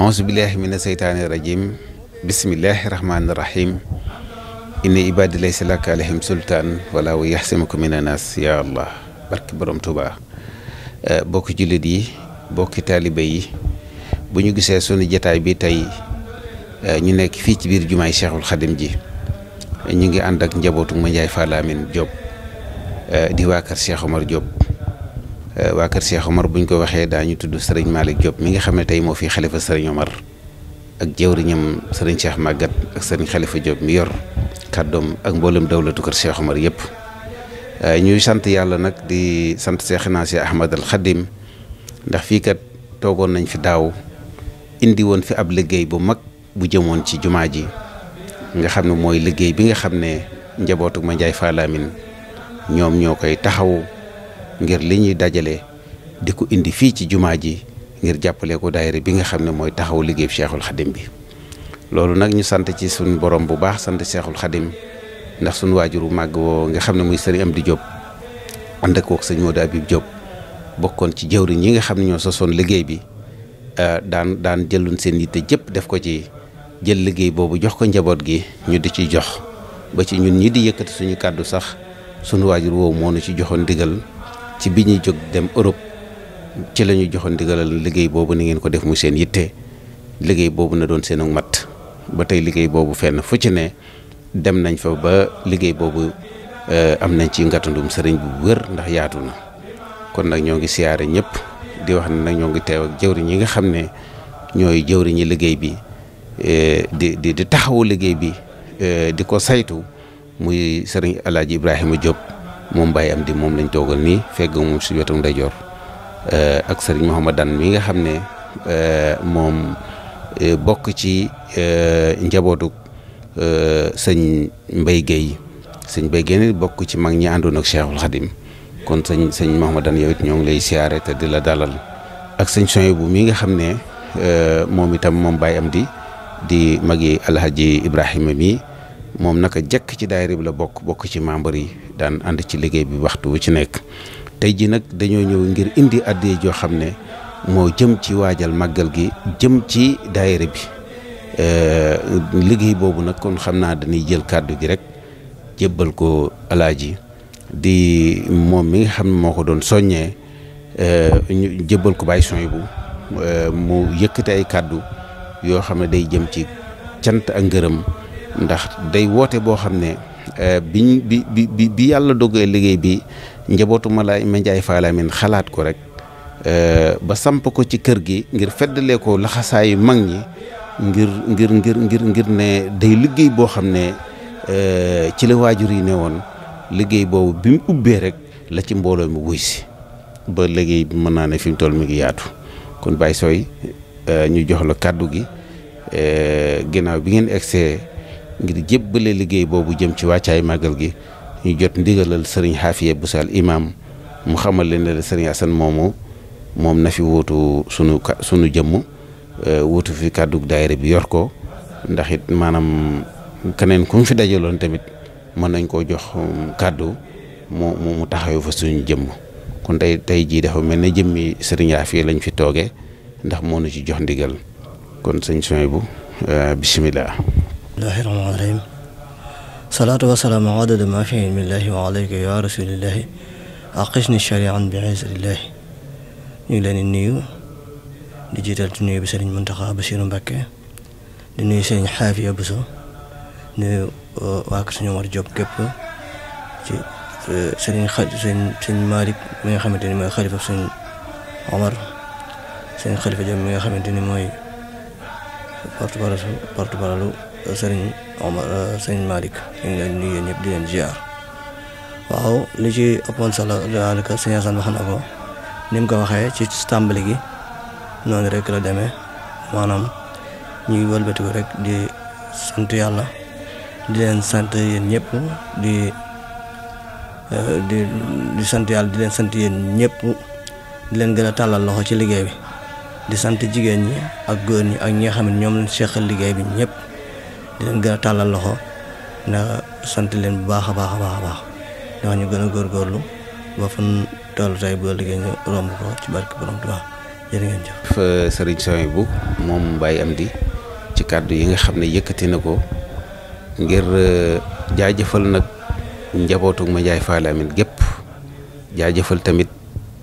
aousubillahi min aseytaani rajim bisimillahi rahmaani rahim inni ibadi laysa laka alayhim sultaan wala wa yaxsimuka min anas ya allah barki borom Tuuba eh, bokki jullit yi bokki taalibe yi bu ñu gisee sunu jataay bi tey eh, ñu nekk fii ci biir jumaay Cheikhul Xadim ji ñu ngi ànd ak njabootu ma Njaay Faalamin Jóob eh, di waa kër Cheikh Euh, waa kër Cheikh Omar buñ ko waxee daañu tudd sëriñ Malick Diop mi nga xam ne tey moo fi xalifa sëriñ Omar ak jëwriñam sëriñ Cheikh Maguette ak sëriñ xalifa Diop mi yor kàddoom ak mboolem dawlatu kër Cheikh Omar yëpp. Euh, ñuy sant yàlla nag di sant Cheikhna Cheikh Ahmad al Khadim ndax fii kat toogoon nañ fi daaw indi woon fi ab liggéey bu mag bu jëmoon ci jumaa ji nga xam ne mooy liggéey bi nga xam ne njabootu ma Ndiaye Fall ñoom ñoo koy taxawu. ngir li ñuy dajale di ko indi fii ci jumaa ji ngir jàppale ko daayira bi nga xam ne mooy taxaw liggéey Cheikhul Xadim bi loolu nag ñu sant ci suñu borom bu baax sant seexul Xadim ndax suñu waajuru màgg woo nga xam ne muy sëriñ Amdi Diop ànd ak kook sëñ Modou Habib Diop bokkoon ci jëwriñ yi nga xam ne ñoo sosoon liggéey bi euh, daan daan jëlun seen yitte jëpp def ko ci jël liggéey boobu jox ko njaboot gi ñu di ci jox ba ci ñun ñi di yëkkati suñu kàddu sax suñu waajur woowu moo nu ci joxoon ndigal ci bi ñuy jóg dem Europe ci la ñu joxoon ndigalal liggéey boobu ni ngeen ko def muy seen yitte liggéey boobu na doon seen matt ba tey liggéey boobu fenn fu ci ne dem nañ fa ba liggéey boobu euh, am nañ ci ngatandum sëriñ bu wër ndax yaatu na kon nag ñoo ngi siyaare ñëpp di wax ne nag ñoo ngi teew ak jëwriñ yi nga xam ne ñooy jëwriñi liggéey bi euh, di di di taxawu liggéey bi euh, di ko saytu muy sëriñ Alaaji Ibrahima Diop. moom Baye Amdi moom lañ toogal nii fegg moom si wetu ndeyjoor eh, ak sëriñ Mouhamadane mi nga xam ne eh, moom eh, bokk ci njabootu sëñ Mbaye Guèye sëñ Mbaye Guèye bokk ci mag ñi àndoon ak Cheikhul kon sëñ sëñ Mouhamadane yow it ñoo ngi lay siyaare te di la dalal ak sëñ Soyebu mi nga xam ne moom itam moom Baye Amdi di di magi Alhaji Ibrahima mi. moom naka jekk ci daayira bi la bokk bokk ci membre yi daan ànd ci liggéey bi waxtu wu ci nekk tey ji nag dañoo ñëw ngir indi addiya joo xam ne moo jëm ci waajal màggal gi jëm ci daayira bi eh, liggéey boobu nag kon xam naa dañuy jël kàddu gi rek jébbal ko yi di moom mi ngi xam ne moo ko doon soññee eh, ñu jébbal ko bàyyi soñ bu eh, mu yëkkate ay kàddu yoo xam ne day jëm ci cant ak ngërëm ndax day woote boo xam ne euh, biñ bi bi bi yàlla doggee liggéey bi njabootu Malaay Mandiaye Falamin xalaat ko rek euh, ba samp ko ci kër gi ngir feddalee ko laxasaayu mag ñi ngir ngir ngir ngir ngir ne day liggéey boo xam ne euh, ci la waajur yi ne woon liggéey boobu bi mu ubbee rek la ci mbooloo mi wuy si ba liggéey bi mën naa ne fi mu toll mi ngi yaatu kon Baye Sooy ñu jox la kàddu gi ginnaaw bi ngeen egsee ngir jépp jébbale liggéey boobu jëm ci wàccaay màggal gi ñu jot ndigalal sëriñ xaafiya bu sal imaam mu xamal leen ne sëriñ asan moomu moom na fi wuutu sunu sunu jëmm euh, wuutu fi kàddug daayira bi yor ko ndax it maanaam keneen ku mu fi dajaloon tamit mën nañ koo jox um, kàddu mu mu taxawu fa suñu jëmm kon tey tey jii dafa mel ne jëmmi sëriñ xaafiya lañ fi toogee ndax moo nu ci jox ndigal kon sëñ bu euh, bisimilah. bismillahi rahmaani rahim salaatu wasalaamu adada ma fi ilmillahi wa alayka ya rasulillahi aqisni sharian bi izrillahi ñu ngi leen di nuyu di jiital ci nuyu bi sëriñ Muntaxa Basiru Mbàkke di nuyu sëriñ Xaafiya Buso nuyu uh, waa kër suñu war Jóob gépp ci sëriñ sëriñ Maalik mi nga xamante ni mooy xalifa sëriñ Omar sëriñ xalifa Jóob mi nga xamante ni mooy porte-parole sëriñ Omar euh, ñëpp di leen ziar waaw li ci ëppoon solo daanaka sëriñ Assane wax na ko ni ci tàmbali gi noonu rek la demee maanaam wëlbatiku rek di sant yàlla di leen sant yéen ñëpp euh, di sant yàlla di leen sant yéen ñëpp di leen gën a tàllal loxo ci liggéey bi di sant jigéen ñi ak góor ñi ak ñi nga xam ñoom lañ seqal liggéey bi ñëpp. leen gën a tàllal loxo na sant leen bu baax a baax a baax a baax ndax ñu gën a góor góorlu ba fan toll tey bu euh, moom ñu am di ci kàddu yi nga xam ne yëkkati na ko ngir euh, jaajëfal nag njabootu Mandiaye Fall Amine gépp jaajëfal tamit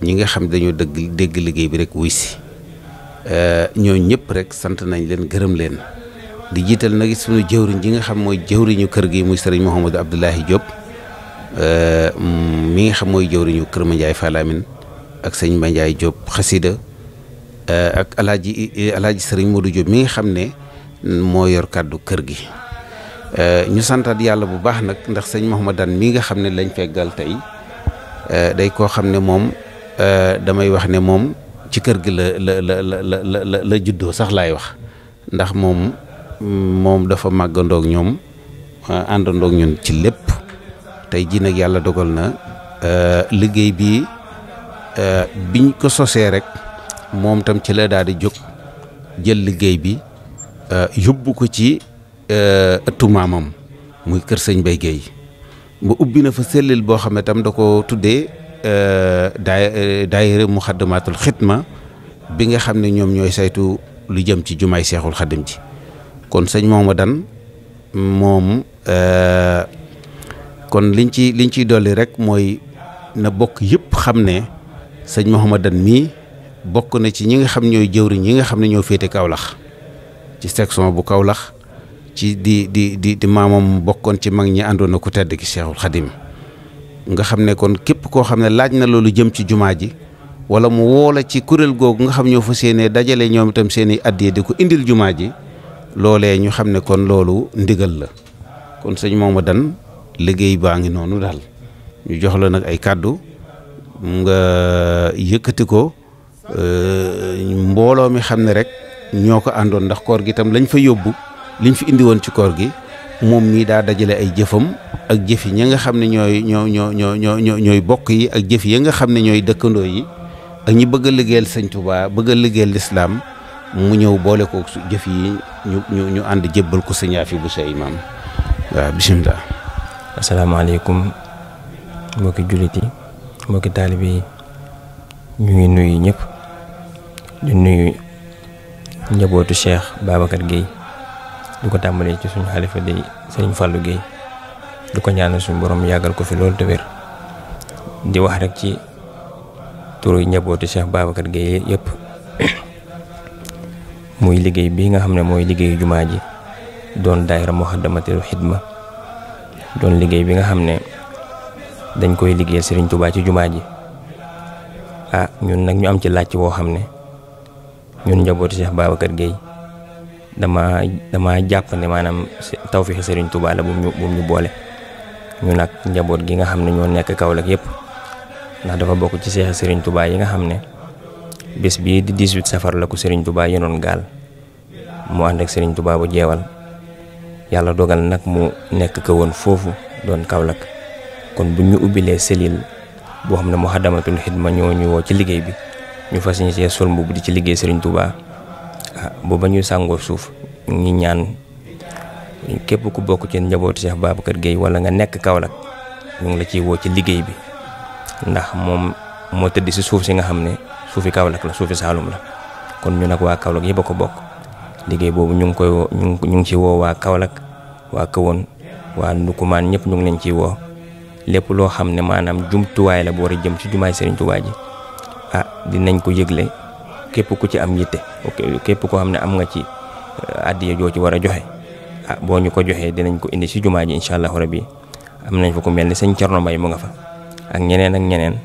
ñi nga xam dañoo dëgg dégg liggéey bi rek wuy si euh, ñoo ñëpp rek sant nañ leen gërëm leen di jiital nag suñu jëwriñ ji nga xam mooy jëwriñu kër gi muy sëriñ Mouhamadou Abdoulahi Diop eh, mi nga xam mooy jëwriñu kër Mandiaye Falamine ak sëñ Mandiaye Diop xasida eh, ak alaaji eh, alaaji sëriñ Modou Diop mi nga xam ne moo yor kàddu kër gi ñu santaat yàlla bu baax nag ndax sëñ Mouhamadane mi nga xam ne lañ feggal tey day koo xam ne moom damay wax ne moom ci kër gi la la la la la juddoo sax laay wax ndax moom moom dafa màggandoog ñoom àndandoog ñun ci lépp tey jii nag yàlla dogal na liggéey bi biñ ko sosee rek moom tam ci la daal di jóg jël liggéey bi yóbbu ko ci ëttu maamam muy kër sëñ Bay Géey ba ubbi na fa sellil boo xam ne tam da ko tuddee daay mu muxaddamaatul xidma bi nga xam ne ñoom ñooy saytu lu jëm ci jumaay seexul xaddim ji kon sëñ dan moom euh, kon liñ ci liñ ciy dolli rek mooy na bokk yëpp xam ne sëñ dan mii bokk na ci ñi nga xam ñooy jëwriñ ñi nga xam ne ñoo féete kawlax ci section bu Kaolack ci di di di di maamam bokkoon ci mag ñi àndoon na ku tedd ki Cheikhul nga xam ne kon képp koo xam ne laaj na loolu jëm ci jumaa ji wala mu woola ci kuréel googu nga xam ñoo fa séenee dajale ñoom itam seeni i di ko indil jumaa ji loolee ñu xam ne kon loolu ndigal la kon sëñ Mooma Dan liggéey baa ngi noonu daal ñu jox la nag ay kàddu nga yëkkati ko euh, mbooloo mi xam ne rek ñoo ko àndoon ndax koor gi itam lañ fa yóbbu liñ fi indi woon ci koor gi moom mii daa dajale ay jëfam ak jëf yi ña nga xam ne ñooy ñoo ñoo ñoo ñoo ñooy bokk yi ak jëf yi nga xam ne ñooy dëkkandoo yi ak ñi bëgg a liggéeyal sëñ Tuubaa bëgg a liggéeyal lislaam mu ñëw boole ko jëf yi ñu ñu ànd jébbal ko sëñaafi bu sa imaam waaw bisimilah. asalaamaaleykum mbokki jullit yi mbokki taalibe yi ñu ngi nuyu ñëpp di nuyu njabootu Cheikh baabakat Guèye du ko tàmbalee ci suñu xalifa di sëriñ Fallou Guèye du ko ñaanal suñ borom yàggal ko fi loolu te wér di wax rek ci turu njabootu Cheikh Babacar Guèye yëpp. muy liggéey bi nga xam ne mooy liggéeyu jumaa ji doon daayira Muxaddamatul Xidma doon liggéey bi nga xam ne dañ koy liggéey Sëriñ Tuubaa ci jumaa ji ah ñun nag ñu am ci laaj woo xam ne ñun njabootu Cheikh Babacar Gueye dama damaa jàpp ne maanaam taw tawfeexi Sëriñ Tuubaa la bu mu ñu boole ñu nag njaboot gi nga xam ne ñoo nekk Kaolack yépp ndax dafa bokk ci seexi Sëriñ Tuubaa yi nga xam ne bés bii di 18 safar la ko Serigne Touba yenoon gaal moo ànd ak Serigne Touba bu jeewal yàlla dogal nag mu nekk ko woon foofu doon kawlak kon bu ñu ubbilee selil boo xam ne mu xadamatul xidma ñoo ñu woo ci liggéey bi ñu fas ñu see sol mbubb di ci liggéey Serigne Touba ah bu ba ñu sàngoo suuf ñi ñaan képp ku bokk ci njabootu Cheikh kër géey wala nga nekk Kaolack ñu ngi la ciy woo ci liggéey bi ndax moom. moo tëdd si suuf si nga xam ne suufi Kaolack la suufi Saalum la kon ñu nag waa Kaolack yëpp a ko bokk liggéey boobu ñu ngi koy ñu ngi ci woo waa Kaolack waa Kawoon waa Ndukumaan ñëpp ñu ngi lañ ciy woo lépp loo xam ne maanaam jumtuwaay la bu war a jëm ci jumaay Serigne Touba ji ah dinañ ko yëgle képp ku ci am yitte képp koo xam ne am nga ci eh, addiya joo ci war a joxe ah boo ñu ko joxee dinañ ko indi si jumaa ji incha allahu rabi am nañ fa ku mel ni sëñ Thierno Mbaye mu nga fa ak ñeneen ak ñeneen.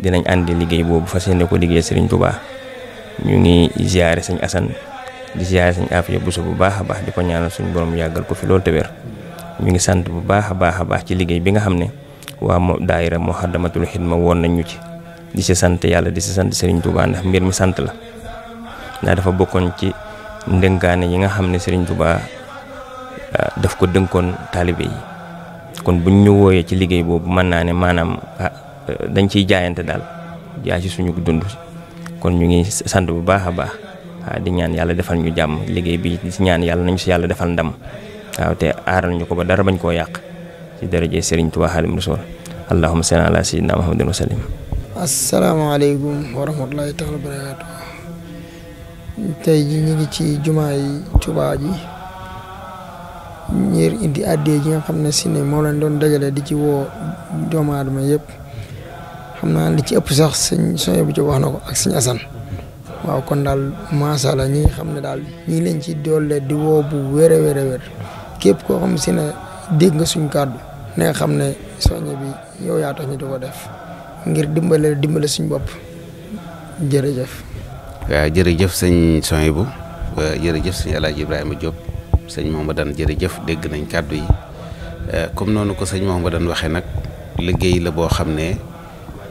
dinañ àndi liggéey boobu fas yéene ko liggéey sëriñ Touba ñu ngi ziare sëñ Assane di ziare sëñ Afia Bousso bu baax a baax di ko ñaanal suñu borom yàggal ko fi loolu te wér ñu ngi sant bu baax a baax a baax ci liggéey bi nga xam ne waa moo mo daayira Moukhaddamatoul ma woon nañ ñu ci di si sant yàlla di si sant sëriñ Touba ndax mbir mi sant la ndax dafa bokkoon ci ndënkaane yi nga xam ne sëriñ Touba ah, daf ko dënkoon taalibe yi kon buñ ñu wooyee ci liggéey boobu mën naa ne maanaam ah, dañ ciy jaayante daal jaay ci suñu dund kon ñu ngi sant bu baax a baax di ñaan yàlla defal ñu jàmm liggéey bi ñaan yàlla nañu si yàlla defal ndam waaw te aaral ñu ko ba dara bañ koo yàq ci daraje Serigne Touba Xaadimu Rasuul allahumma salli ala sayyidina Muhammadin wa sallim. asalaamaaleykum wa rahmatulahi taala wa barakaatu tey ji ngi ci jumaa yi Touba ji ñeer indi àddee nga xam ne si ne moo leen doon dajale di ci woo doomu aadama yëpp. xam naa li ci ëpp sax sëñ soñ bu ci wax na ko ak sëñ Assane waaw kon daal macha allah ñi xam ne daal ñi leen ci doole di woo bu wér képp koo xam si ne dégg nga suñ kàddu na xam ne soñe bi yow yaa tax ñu di ko def ngir dimbale dimbale suñ bopp jërëjëf. waaw jërëjëf sëñ soñ bu jërëjëf sëñ El Hadj Ibrahima Diop sëñ Mouhamadane jëf dégg nañ kàddu yi comme noonu ko sëñ Mouhamadane waxee nag liggéey la boo xam ne.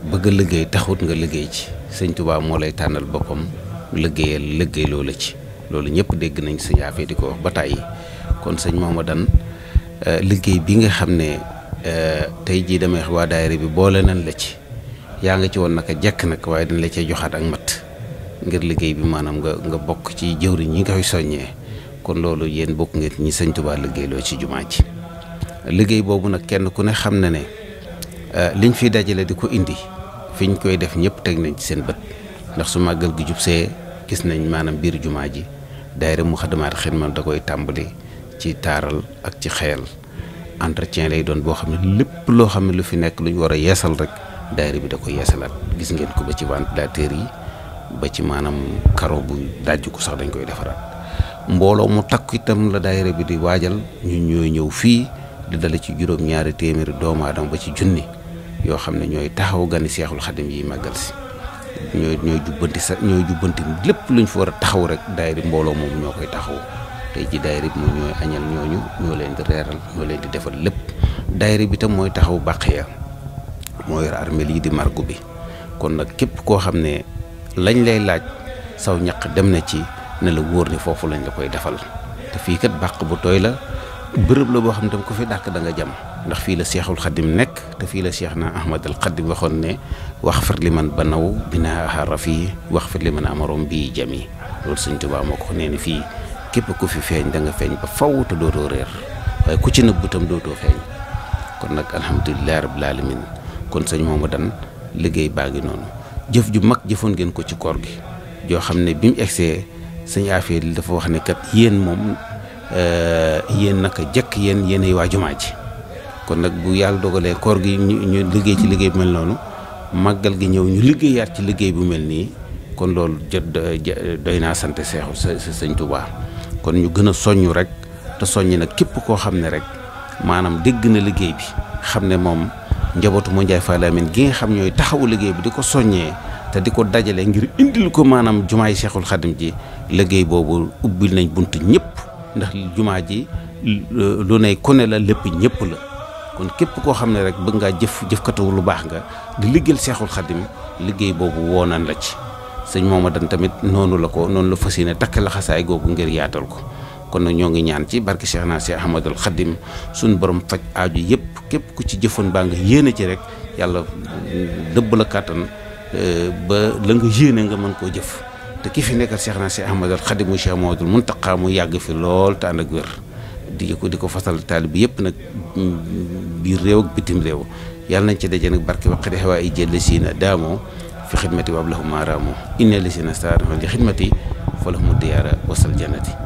bëgg liggéey taxut nga liggéey ci sëñ Tuubaa moo lay tànnal boppam liggéeyal liggéey la ci loolu ñëpp dégg nañ sëñ Afee di ko wax ba tàyyi kon sëñ Mamadan euh, liggéey bi nga xam ne euh, tey jii demee wax waa daayira bi boole nañ la ci yaa nga ci woon naka jekk nag waaye dañ la cee joxaat ak mat ngir liggéey bi maanaam nga nga bokk ci jëwriñ ñi nga koy soññee kon loolu yéen bokk ngeen ñi sëñ Tuubaa liggéeyloo ci jumaa ji liggéey boobu nag kenn ku ne xam na ne euh, liñ fi dajale di ko indi fi ñu koy def ñëpp teg nañ ci seen bët ndax su màggal gi jub see gis nañ maanaam biir jumaa ji daayira mu xadamaat xidma da koy tàmbali ci taaral ak ci xeyal entretien lay doon boo xam ne lépp loo xam ne lu fi nekk lu ñu war a yeesal rek daayira bi da koy yeesalaat gis ngeen ko ba ci ventilateur yi ba ci maanaam karo bu dajj ko sax dañ koy defaraat mbooloo mu takk itam la daayira bi di waajal ñun ñooy ñëw fii di dale ci juróom ñaari téeméeri doomu aadama ba ci junni yoo xam ne ñooy taxaw gani seexul xadim yi màggal si ñooy ñooy jubbanti sa ñooy jubbanti lépp luñ fa war a taxaw rek daayira mbooloo moom ñoo koy taxaw tey ji daayira bi moom ñooy añal ñooñu ñoo leen di reeral ñoo leen di defal lépp daayira bi tam mooy taxaw bàq ya mooy yor armeel yi di margu bi kon nag képp koo xam ne lañ lay laaj saw ñaq dem na ci ne la wóor ni foofu lañ la koy defal te fii kat bàq bu tooy la bërëb la boo xam ne tam ku fi dàq da nga jam ndax fii la seexul xadim nekk te fii la seex na ahmad al xadim waxoon ne wax fir li man banaw bina harafi wax fir li man amaroom bii jami loolu sëñ Tuubaa moo ko nee fii képp ku fi feeñ da nga feeñ ba faw te dootoo réer waaye ku ci nëbbu tam dootoo feeñ kon nag alhamdulilah rabil alamin kon sëñ moomu dan liggéey baa ngi noonu jëf ju mag jëfoon ngeen ko ci koor gi joo xam ne bi mu egsee sëñ affaire dafa wax ne kat yéen moom euh, yéen naka jëkk yéen yéenay waa ji kon nag bu yàlla dogalee koor gi ñu ñu liggéey ci liggéey bu mel noonu màggal gi ñëw ñu liggéeyaat ci liggéey bu mel nii kon loolu jot doy naa sant seexu sa sëñ Tuubaa kon ñu gën a soññ rek te soññ nag képp koo xam ne rek maanaam dégg na liggéey bi xam ne moom njabootu moo Njaay Fall Amiin gi nga xam ñooy taxawu liggéey bi di ko soññee te di ko dajale ngir indil ko maanaam jumaa yi Seexul Xadim ji liggéey boobu ubbil nañ bunt ñëpp ndax jumaa ji lu ne lépp ñëpp kon képp koo xam ne rek bëgg ngaa jëf jëfkatu lu baax nga di liggéeyal seexul xadim liggéey boobu woonaan la ci sëñ dan tamit noonu la ko noonu la fas yéene takk laxasaay googu ngir yaatal ko kon na ñoo ngi ñaan ci barke Cheikh naa Cheikh Ahmadul Xadim suñu borom faj aaju yëpp képp ku ci jëfoon baa nga yéene ci rek yàlla dëbb la kàttan e, ba la nga yéene nga mën koo jëf te ki fi nekkal Cheikh naa Cheikh Ahmadul Xadim mu Cheikh Mamadul Muntaqa mu yàgg fi lool te ànd di ko di ko fasal taalibe yëpp nag biir réew ak bitim réew yàlla nañ ci daje nag barke waqi di xewaa ay jël lasiina daamoo fi xidmati waab lahum maaraamoo inna lasiina staaraxoon li xidmati fa lahum diyaara wasal jannati